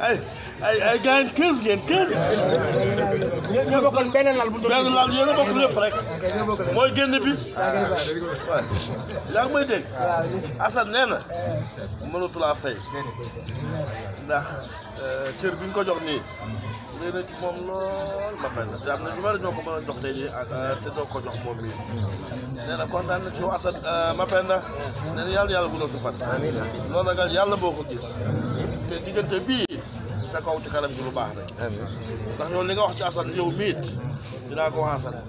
ay ay ay gars yi quinze ngeen quinze. ñoo bokkoon benn lal bu benn lal yéen a bokk lépp mooy génn bi. yaa ngi may dégg. Assane nee na mënatulaa fay. ndax euh, cër bi nga ko jox nii. léegi nag moom lool ma fay la te am na ñu bari ñoo ko mën a euh, te doo ko jox moom mii nee na kontaan na ci yow Assane euh, Mapenda nee na yàlla yàlla guddal sa fan. amiin loolu nag yàlla boo te bii. ca kaw ci kanam ci lu baax rek. ndax yow li nga wax ci Assane yow miit dinaa ko wax Assane.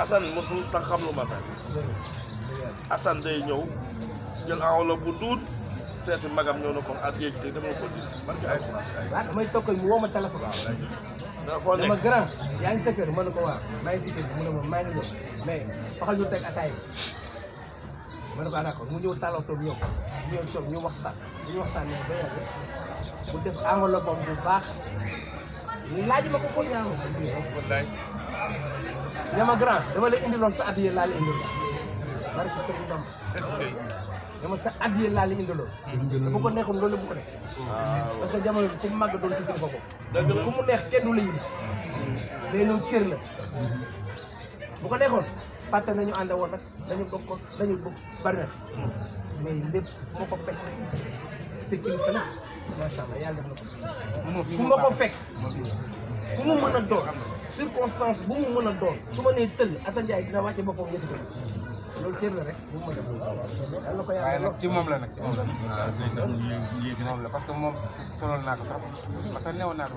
Assane mosul tax xam lu ma mel. day ñëw jël enveloppe bu duut seetu magam ñëw na ko ak yéeg te dama ko di man ci ay ma grand yaa ngi sa kër mën na ko waaw maa ngi mu ne ma maa ngi ñëw mais faxal teg ataay ma ne ko mu ñëw tàllatoog ñoom ñoom toog ñu waxtaan bu ñu waxtaanee ba yàgg bu def enveloppe am bu baax laaj ma ko ko ñaanu. ñama grand dama lay indiloon sa addiya laa la indiloon. barke sëriñ Bamba. sa addiya laa la indiloon. bu ko neexoon loolu bu ko def. parce que jamono bi ku màgg doon ci biir boppam. dëgg la ku mu neex kenn du la yëngu. cër la. bu ko neexoon. fàtte nañu ànd woon nag dañu bëgg ko dañu bëgg bari na mais lépp moo ko fekk te kilifa la ma allah yàlla def ko fu ma ko fekk fu mu mën a doon circonstance bu mu mën a doon su ma nee tëll Assane Ndiaye dina wàcce boppam ñetti loolu cër la rek ci moom la nag ci moom la moom la parce que moom sonal naa ko trop parce que newoon naa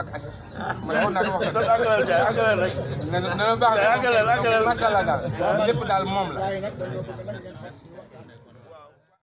ak ak man newoon naa ko wax rek na na baax daal lépp daal moom la